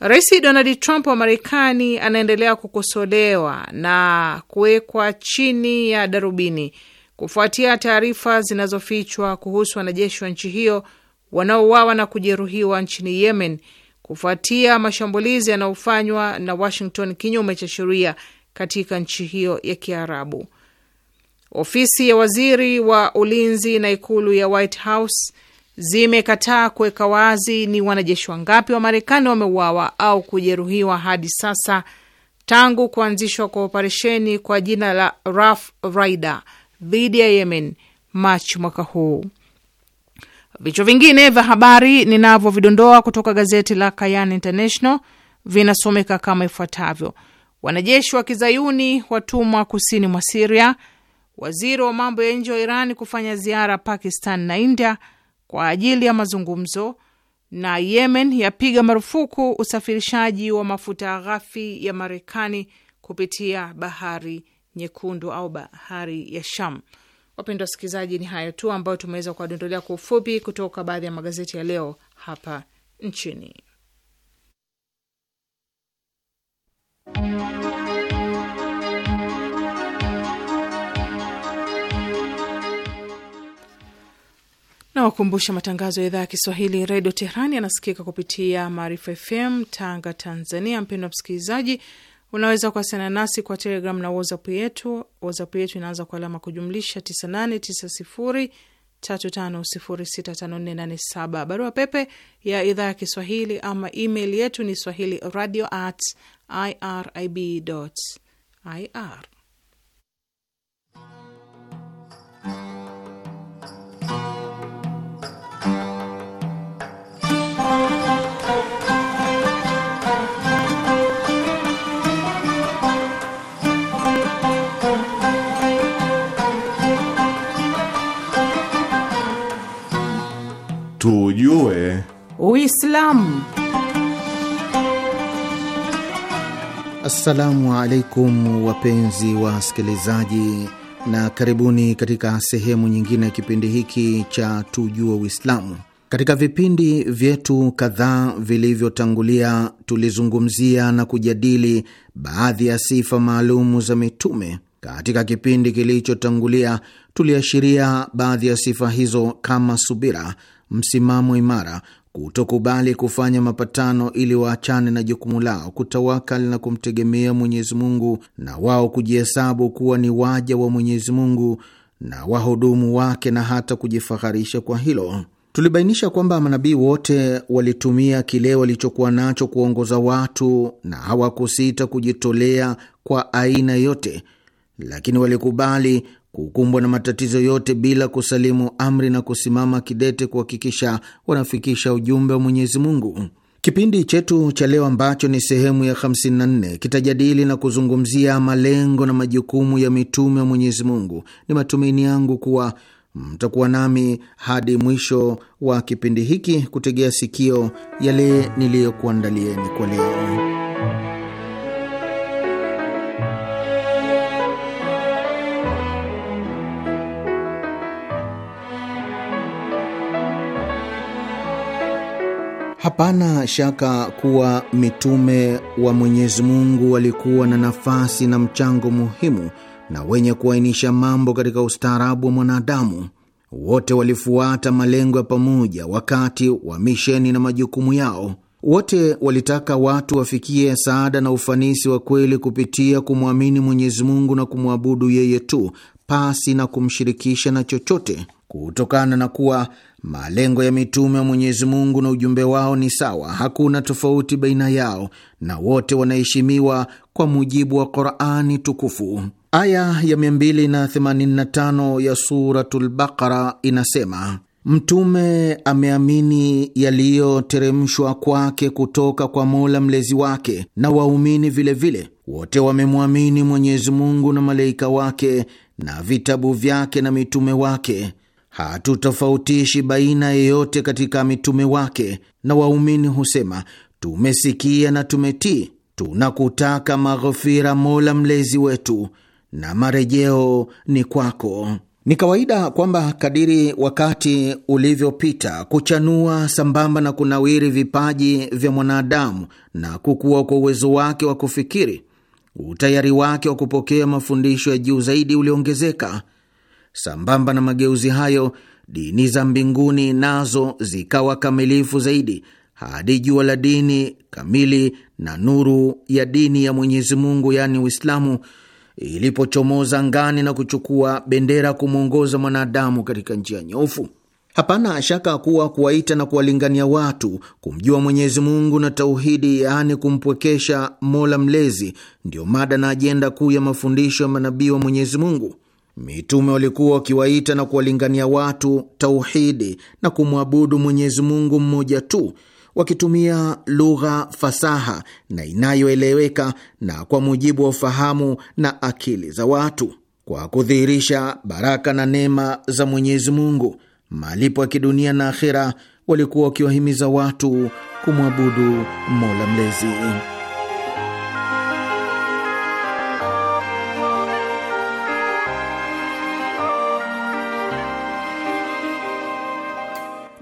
Rais Donald Trump wa Marekani anaendelea kukosolewa na kuwekwa chini ya darubini kufuatia taarifa zinazofichwa kuhusu wanajeshi wa nchi hiyo wanaouawa na kujeruhiwa nchini Yemen kufuatia mashambulizi yanayofanywa na Washington kinyume cha sheria katika nchi hiyo ya Kiarabu. Ofisi ya waziri wa ulinzi na ikulu ya White House zimekataa kuweka wazi ni wanajeshi wangapi wa Marekani wameuawa au kujeruhiwa hadi sasa tangu kuanzishwa kwa operesheni kwa jina la Rough Rider dhidi ya Yemen Machi mwaka huu. Vichwa vingine vya habari ninavyovidondoa kutoka gazeti la Kayan International vinasomeka kama ifuatavyo: wanajeshi wa kizayuni watumwa kusini mwa Siria, waziri wa mambo ya nje wa Iran kufanya ziara Pakistan na India, kwa ajili ya mazungumzo, na Yemen yapiga marufuku usafirishaji wa mafuta ghafi ya Marekani kupitia bahari nyekundu au bahari ya Sham. Wapendwa wasikilizaji, ni hayo tu ambayo tumeweza kuwadondolea kwa ufupi kutoka baadhi ya magazeti ya leo hapa nchini. Nawakumbusha matangazo ya idhaa ya Kiswahili redio Teherani yanasikika kupitia Maarifa FM Tanga, Tanzania. Mpendo wa msikilizaji, unaweza kuwasiliana nasi kwa Telegram na WhatsApp yetu. WhatsApp yetu inaanza kwa alama kujumlisha 989035065487. Barua pepe ya idhaa ya Kiswahili ama email yetu ni swahili radio at irib ir tujue Uislamu. Assalamu alaikum wapenzi wasikilizaji, na karibuni katika sehemu nyingine ya kipindi hiki cha tujue Uislamu. Katika vipindi vyetu kadhaa vilivyotangulia, tulizungumzia na kujadili baadhi ya sifa maalumu za mitume. Katika kipindi kilichotangulia, tuliashiria baadhi ya sifa hizo kama subira, msimamo imara, kutokubali kufanya mapatano ili waachane na jukumu lao, kutawakali na kumtegemea Mwenyezi Mungu, na wao kujihesabu kuwa ni waja wa Mwenyezi Mungu na wahudumu wake, na hata kujifaharisha kwa hilo. Tulibainisha kwamba manabii wote walitumia kile walichokuwa nacho kuongoza watu na hawakusita kujitolea kwa aina yote, lakini walikubali kukumbwa na matatizo yote bila kusalimu amri na kusimama kidete kuhakikisha wanafikisha ujumbe wa Mwenyezi Mungu. Kipindi chetu cha leo ambacho ni sehemu ya 54 kitajadili na kuzungumzia malengo na majukumu ya mitume wa Mwenyezi Mungu. Ni matumaini yangu kuwa mtakuwa nami hadi mwisho wa kipindi hiki kutegea sikio yale niliyokuandalieni kwa leo. Hapana shaka kuwa mitume wa Mwenyezi Mungu walikuwa na nafasi na mchango muhimu na wenye kuainisha mambo katika ustaarabu wa mwanadamu. Wote walifuata malengo ya pamoja wakati wa misheni na majukumu yao. Wote walitaka watu wafikie saada na ufanisi wa kweli kupitia kumwamini Mwenyezi Mungu na kumwabudu yeye tu pasi na kumshirikisha na chochote, kutokana na kuwa Malengo ya mitume wa Mwenyezi Mungu na ujumbe wao ni sawa, hakuna tofauti baina yao, na wote wanaheshimiwa kwa mujibu wa Qurani tukufu. Aya ya 285 ya Suratul Baqara inasema Mtume ameamini yaliyoteremshwa kwake kutoka kwa Mola mlezi wake, na waumini vilevile wote wamemwamini Mwenyezi Mungu na malaika wake na vitabu vyake na mitume wake hatutofautishi baina yeyote katika mitume wake, na waumini husema tumesikia na tumetii. Tunakutaka maghfira, Mola mlezi wetu, na marejeo ni kwako. Ni kawaida kwamba kadiri wakati ulivyopita, kuchanua sambamba na kunawiri vipaji vya mwanadamu na kukua kwa uwezo wake wa kufikiri, utayari wake wa kupokea mafundisho ya juu zaidi uliongezeka. Sambamba na mageuzi hayo, dini za mbinguni nazo zikawa kamilifu zaidi hadi jua la dini kamili na nuru ya dini ya Mwenyezi Mungu, yaani Uislamu, ilipochomoza ngani na kuchukua bendera kumwongoza mwanadamu katika njia nyeufu Hapana shaka kuwa kuwaita na kuwalingania watu kumjua Mwenyezi Mungu na tauhidi, yaani kumpwekesha Mola Mlezi, ndiyo mada na ajenda kuu ya mafundisho ya manabii wa Mwenyezi Mungu. Mitume walikuwa wakiwaita na kuwalingania watu tauhidi na kumwabudu Mwenyezi Mungu mmoja tu, wakitumia lugha fasaha na inayoeleweka na kwa mujibu wa ufahamu na akili za watu, kwa kudhihirisha baraka na neema za Mwenyezi Mungu, malipo ya kidunia na akhira Walikuwa wakiwahimiza watu kumwabudu Mola Mlezi.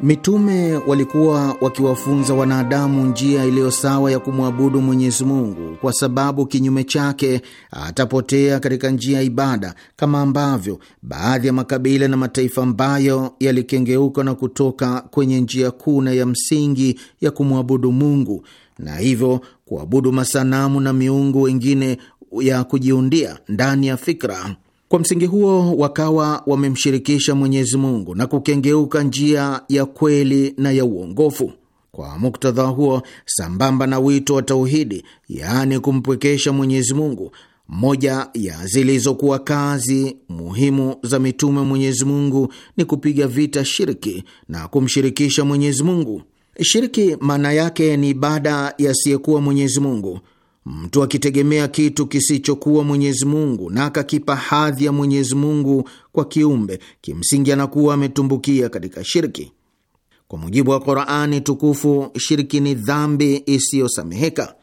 Mitume walikuwa wakiwafunza wanadamu njia iliyo sawa ya kumwabudu Mwenyezi Mungu, kwa sababu kinyume chake atapotea katika njia ya ibada, kama ambavyo baadhi ya makabila na mataifa ambayo yalikengeuka na kutoka kwenye njia kuu na ya msingi ya kumwabudu Mungu, na hivyo kuabudu masanamu na miungu wengine ya kujiundia ndani ya fikra. Kwa msingi huo wakawa wamemshirikisha Mwenyezi Mungu na kukengeuka njia ya kweli na ya uongofu. Kwa muktadha huo, sambamba na wito wa tauhidi, yaani kumpwekesha Mwenyezi Mungu, moja ya zilizokuwa kazi muhimu za mitume Mwenyezi Mungu ni kupiga vita shirki na kumshirikisha Mwenyezi Mungu. Shirki maana yake ni ibada yasiyekuwa Mwenyezi Mungu, Mtu akitegemea kitu kisichokuwa Mwenyezi Mungu na akakipa hadhi ya Mwenyezi Mungu kwa kiumbe, kimsingi anakuwa ametumbukia katika shirki. Kwa mujibu wa Qurani Tukufu, shirki ni dhambi isiyosameheka.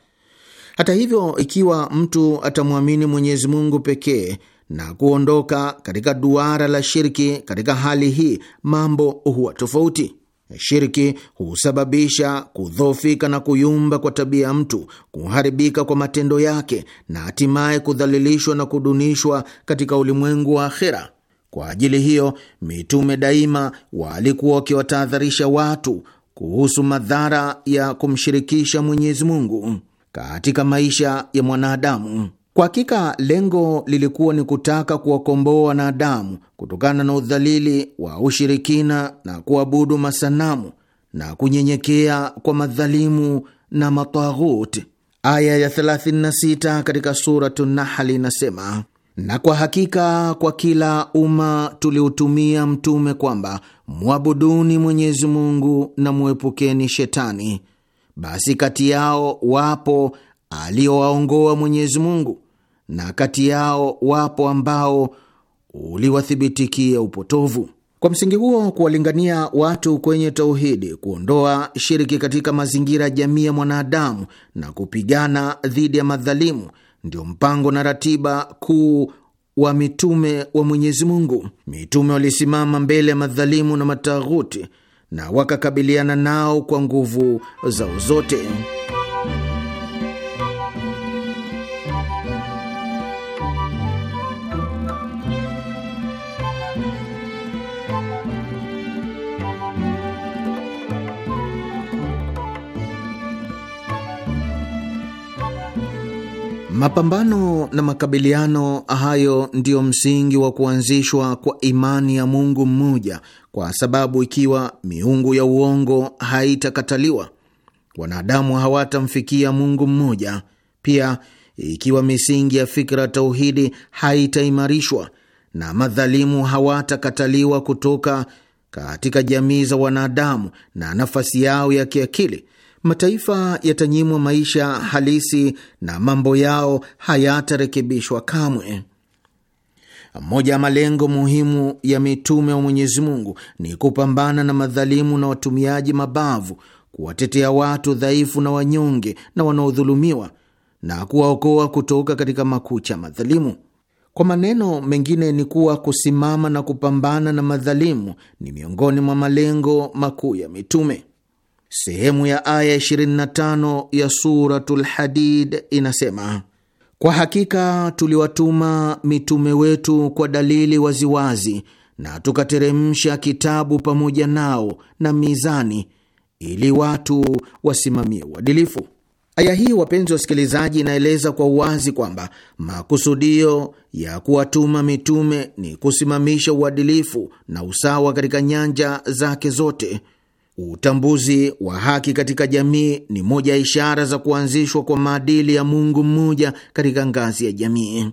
Hata hivyo, ikiwa mtu atamwamini Mwenyezi Mungu pekee na kuondoka katika duara la shirki, katika hali hii mambo huwa tofauti. Shirki husababisha kudhoofika na kuyumba kwa tabia ya mtu, kuharibika kwa matendo yake, na hatimaye kudhalilishwa na kudunishwa katika ulimwengu wa akhera. Kwa ajili hiyo, mitume daima walikuwa wakiwatahadharisha watu kuhusu madhara ya kumshirikisha Mwenyezi Mungu katika maisha ya mwanadamu. Kwa hakika lengo lilikuwa ni kutaka kuwakomboa wanadamu kutokana na udhalili wa ushirikina na kuabudu masanamu na kunyenyekea kwa madhalimu na matahuti Aya ya 36 katika Suratu Nahali inasema na kwa hakika kwa kila umma tuliutumia mtume kwamba mwabuduni Mwenyezi Mungu na mwepukeni shetani, basi kati yao wapo aliowaongoa Mwenyezi Mungu na kati yao wapo ambao uliwathibitikia upotovu. Kwa msingi huo, kuwalingania watu kwenye tauhidi, kuondoa shiriki katika mazingira ya jamii ya mwanadamu na kupigana dhidi ya madhalimu ndio mpango na ratiba kuu wa mitume wa Mwenyezi Mungu. Mitume walisimama mbele ya madhalimu na mataghuti na wakakabiliana nao kwa nguvu zao zote. Mapambano na makabiliano hayo ndiyo msingi wa kuanzishwa kwa imani ya Mungu mmoja, kwa sababu ikiwa miungu ya uongo haitakataliwa, wanadamu hawatamfikia Mungu mmoja. Pia ikiwa misingi ya fikra tauhidi haitaimarishwa na madhalimu hawatakataliwa kutoka katika jamii za wanadamu na nafasi yao ya kiakili mataifa yatanyimwa maisha halisi na mambo yao hayatarekebishwa kamwe. Moja ya malengo muhimu ya mitume wa Mwenyezi Mungu ni kupambana na madhalimu na watumiaji mabavu, kuwatetea watu dhaifu na wanyonge na wanaodhulumiwa, na kuwaokoa kutoka katika makucha madhalimu. Kwa maneno mengine ni kuwa kusimama na kupambana na madhalimu ni miongoni mwa malengo makuu ya mitume. Sehemu ya aya 25 ya Suratul Hadid inasema kwa hakika tuliwatuma mitume wetu kwa dalili waziwazi na tukateremsha kitabu pamoja nao na mizani ili watu wasimamie uadilifu. Aya hii, wapenzi wasikilizaji, inaeleza kwa uwazi kwamba makusudio ya kuwatuma mitume ni kusimamisha uadilifu na usawa katika nyanja zake zote. Utambuzi wa haki katika jamii ni moja ya ishara za kuanzishwa kwa maadili ya Mungu mmoja katika ngazi ya jamii.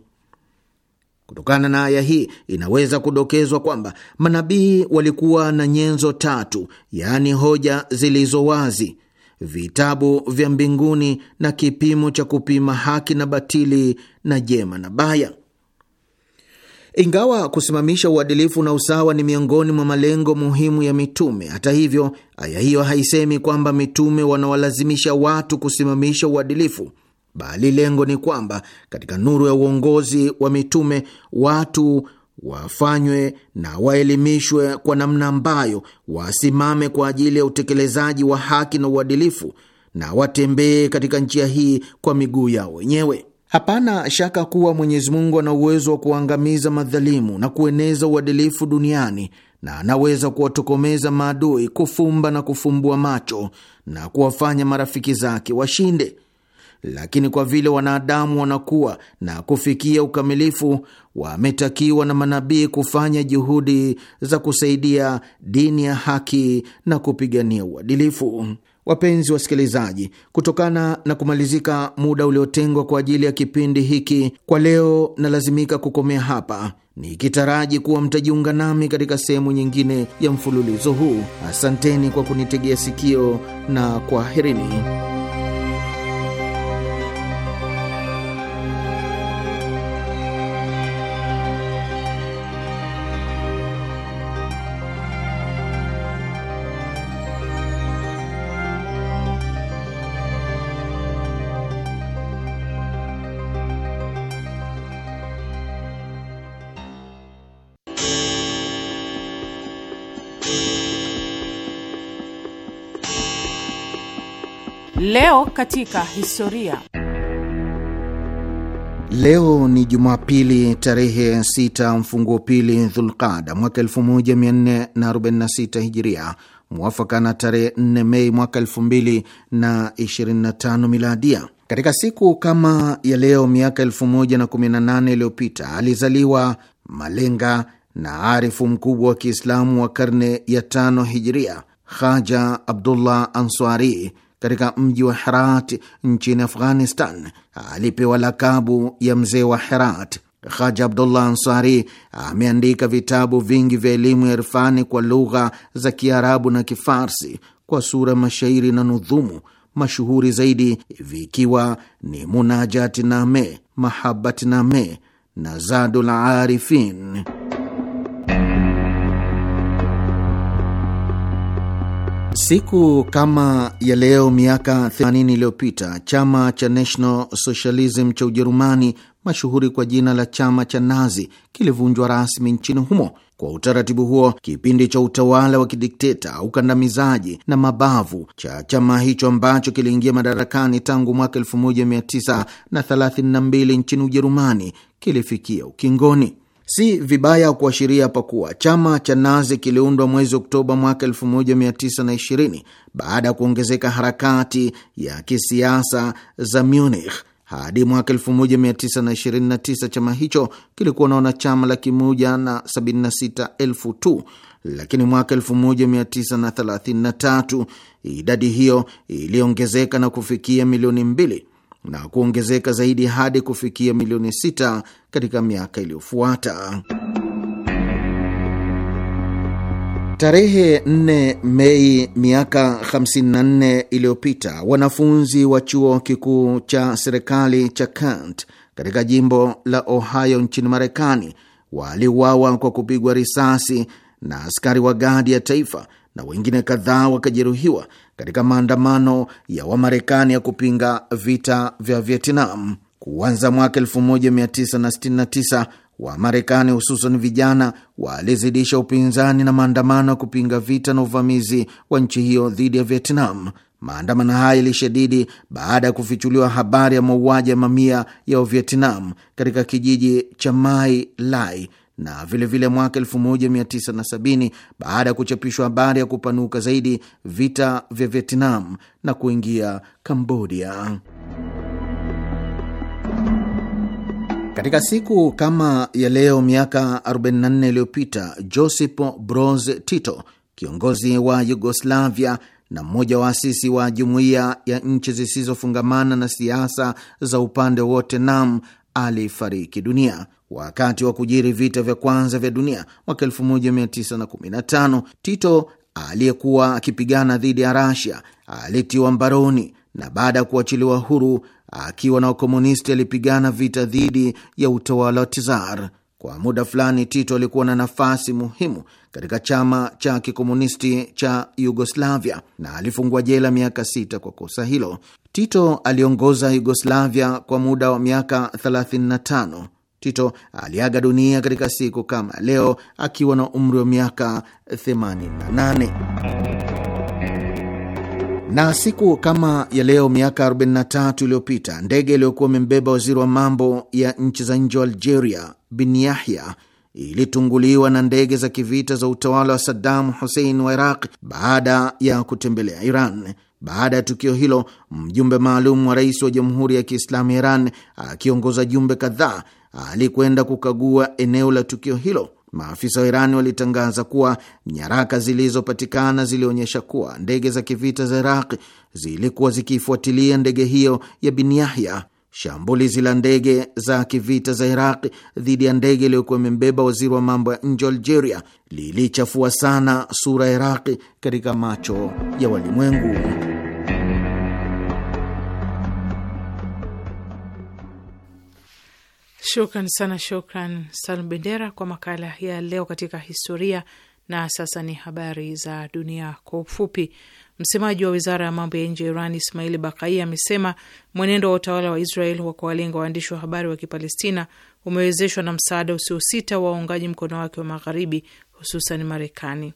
Kutokana na aya hii inaweza kudokezwa kwamba manabii walikuwa na nyenzo tatu, yaani hoja zilizo wazi, vitabu vya mbinguni na kipimo cha kupima haki na batili na jema na baya. Ingawa kusimamisha uadilifu na usawa ni miongoni mwa malengo muhimu ya mitume, hata hivyo, aya hiyo haisemi kwamba mitume wanawalazimisha watu kusimamisha uadilifu, bali lengo ni kwamba katika nuru ya uongozi wa mitume watu wafanywe na waelimishwe kwa namna ambayo wasimame kwa ajili ya utekelezaji wa haki na uadilifu na watembee katika njia hii kwa miguu yao wenyewe. Hapana shaka kuwa Mwenyezi Mungu ana uwezo wa kuangamiza madhalimu na kueneza uadilifu duniani na anaweza kuwatokomeza maadui, kufumba na kufumbua macho na kuwafanya marafiki zake washinde. Lakini kwa vile wanadamu wanakuwa na kufikia ukamilifu, wametakiwa na manabii kufanya juhudi za kusaidia dini ya haki na kupigania uadilifu. Wapenzi wasikilizaji, kutokana na kumalizika muda uliotengwa kwa ajili ya kipindi hiki kwa leo, nalazimika kukomea hapa nikitaraji kuwa mtajiunga nami katika sehemu nyingine ya mfululizo huu. Asanteni kwa kunitegea sikio na kwaherini. Leo katika historia. Leo ni Jumapili tarehe 6 mfunguo pili Dhulqada mwaka 1446 Hijiria, mwafaka na tarehe 4 Mei mwaka 2025 Miladia. Katika siku kama ya leo miaka 1018 iliyopita alizaliwa malenga na arifu mkubwa wa Kiislamu wa karne ya tano Hijiria, Haja Abdullah Answari katika mji wa Herat nchini Afghanistan alipewa lakabu ya mzee wa Herat. Haji Abdullah Ansari ameandika vitabu vingi vya elimu ya irfani kwa lugha za Kiarabu na Kifarsi kwa sura mashairi na nudhumu, mashuhuri zaidi vikiwa ni munajat Name, mahabat Name na Zadul Arifin. Siku kama ya leo miaka 80 iliyopita chama cha National Socialism cha Ujerumani mashuhuri kwa jina la chama cha Nazi kilivunjwa rasmi nchini humo. Kwa utaratibu huo, kipindi cha utawala wa kidikteta, ukandamizaji na mabavu cha chama hicho ambacho kiliingia madarakani tangu mwaka 1932 nchini Ujerumani kilifikia ukingoni. Si vibaya kuashiria hapa kuwa chama cha Nazi kiliundwa mwezi Oktoba mwaka 1920 baada ya kuongezeka harakati ya kisiasa za Munich. Hadi mwaka 1929 chama hicho kilikuwa na wanachama laki moja na sabini na sita elfu tu, lakini mwaka 1933 idadi hiyo iliongezeka na kufikia milioni mbili na kuongezeka zaidi hadi kufikia milioni 6 katika miaka iliyofuata. Tarehe 4 Mei miaka 54 iliyopita wanafunzi wa chuo kikuu cha serikali cha Kent katika jimbo la Ohio nchini Marekani waliuawa kwa kupigwa risasi na askari wa gadi ya taifa na wengine kadhaa wakajeruhiwa katika maandamano ya Wamarekani ya kupinga vita vya Vietnam. Kuanza mwaka 1969 Wamarekani hususan vijana walizidisha upinzani na maandamano ya kupinga vita na uvamizi wa nchi hiyo dhidi ya Vietnam. Maandamano haya yalishadidi baada ya kufichuliwa habari ya mauaji ya mamia ya Wavietnam katika kijiji cha Mai Lai na vilevile vile mwaka 1970 baada ya kuchapishwa habari ya kupanuka zaidi vita vya Vietnam na kuingia Kambodia. Katika siku kama ya leo miaka 44 iliyopita Josip Broz Tito, kiongozi wa Yugoslavia na mmoja wa asisi wa jumuiya ya nchi zisizofungamana na siasa za upande wote NAM, alifariki dunia. Wakati wa kujiri vita vya kwanza vya dunia mwaka 1915 Tito aliyekuwa akipigana dhidi ya Rasia alitiwa mbaroni na baada ya kuachiliwa huru akiwa na wakomunisti alipigana vita dhidi ya utawala wa Tizar. Kwa muda fulani, Tito alikuwa na nafasi muhimu katika chama cha kikomunisti cha Yugoslavia na alifungwa jela miaka sita kwa kosa hilo. Tito aliongoza Yugoslavia kwa muda wa miaka 35. Tito aliaga dunia katika siku kama leo akiwa na umri wa miaka 88. Na siku kama ya leo miaka 43 iliyopita ndege iliyokuwa imembeba waziri wa mambo ya nchi za nje wa Algeria Bin Yahya ilitunguliwa na ndege za kivita za utawala wa Saddam Hussein wa Iraq baada ya kutembelea Iran. Baada ya tukio hilo, mjumbe maalum wa rais wa Jamhuri ya Kiislamu Iran akiongoza jumbe kadhaa alikwenda kukagua eneo la tukio hilo. Maafisa wa Irani walitangaza kuwa nyaraka zilizopatikana zilionyesha kuwa ndege za kivita za Iraq zilikuwa zikiifuatilia ndege hiyo ya Bin Yahya. Shambulizi la ndege za kivita za Iraq dhidi ya ndege iliyokuwa imembeba waziri wa mambo ya nje wa Algeria lilichafua sana sura ya Iraqi katika macho ya walimwengu. Shukran sana, shukran Salum Bendera kwa makala ya leo katika historia. Na sasa ni habari za dunia kwa ufupi. Msemaji wa wizara ya mambo ya nje ya Iran Ismaili Bakai amesema mwenendo wa utawala wa Israel wa kuwalenga waandishi wa habari wa Kipalestina umewezeshwa na msaada usiosita wa waungaji mkono wake wa Magharibi, hususan Marekani.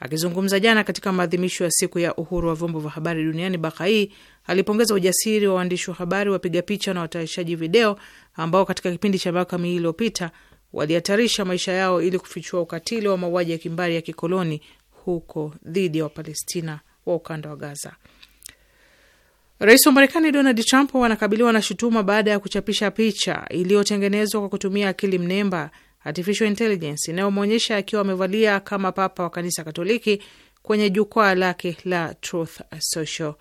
Akizungumza jana katika maadhimisho ya siku ya uhuru wa vyombo vya habari duniani, Bakai alipongeza ujasiri wa waandishi wa habari, wapiga picha na watayarishaji video ambao katika kipindi cha miaka miwili iliyopita walihatarisha maisha yao ili kufichua ukatili wa mauaji ya kimbari ya kikoloni huko dhidi ya Wapalestina wa ukanda wa Gaza. Rais wa Marekani Donald Trump anakabiliwa na shutuma baada ya kuchapisha picha iliyotengenezwa kwa kutumia akili mnemba artificial intelligence inayomwonyesha akiwa amevalia kama papa wa kanisa Katoliki kwenye jukwaa lake la Truth Social.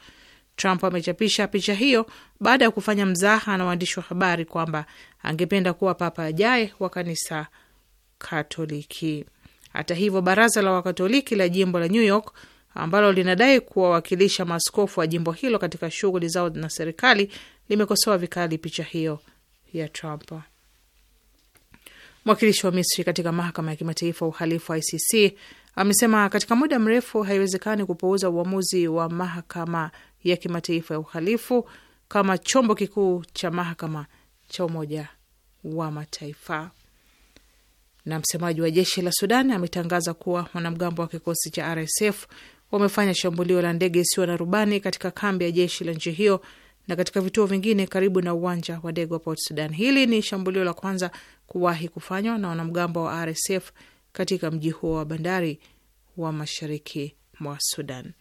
Trump amechapisha picha hiyo baada ya kufanya mzaha na waandishi wa habari kwamba angependa kuwa papa ajaye wa kanisa Katoliki. Hata hivyo, baraza la Wakatoliki la jimbo la New York ambalo linadai kuwawakilisha maaskofu wa jimbo hilo katika shughuli zao na serikali limekosoa vikali picha hiyo ya Trump. Mwakilishi wa Misri katika mahakama ya kimataifa ya uhalifu ICC amesema katika muda mrefu haiwezekani kupuuza uamuzi wa mahakama ya kimataifa ya uhalifu kama chombo kikuu cha mahakama cha Umoja wa Mataifa. Na msemaji wa jeshi la Sudan ametangaza kuwa wanamgambo wa kikosi cha RSF wamefanya shambulio la ndege isiyo na rubani katika kambi ya jeshi la nchi hiyo na katika vituo vingine karibu na uwanja wa ndege wa Port Sudan. Hili ni shambulio la kwanza kuwahi kufanywa na wanamgambo wa RSF katika mji huo wa bandari wa mashariki mwa Sudan.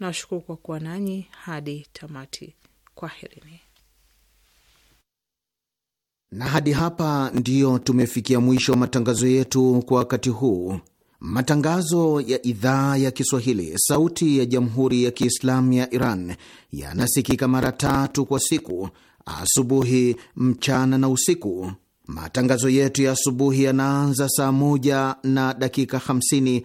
Nawashukuru kwa kuwa nanyi hadi tamati. Kwaherini. Na hadi hapa ndiyo tumefikia mwisho wa matangazo yetu kwa wakati huu. Matangazo ya idhaa ya Kiswahili, sauti ya jamhuri ya kiislamu ya Iran yanasikika mara tatu kwa siku: asubuhi, mchana na usiku. Matangazo yetu ya asubuhi yanaanza saa moja na dakika hamsini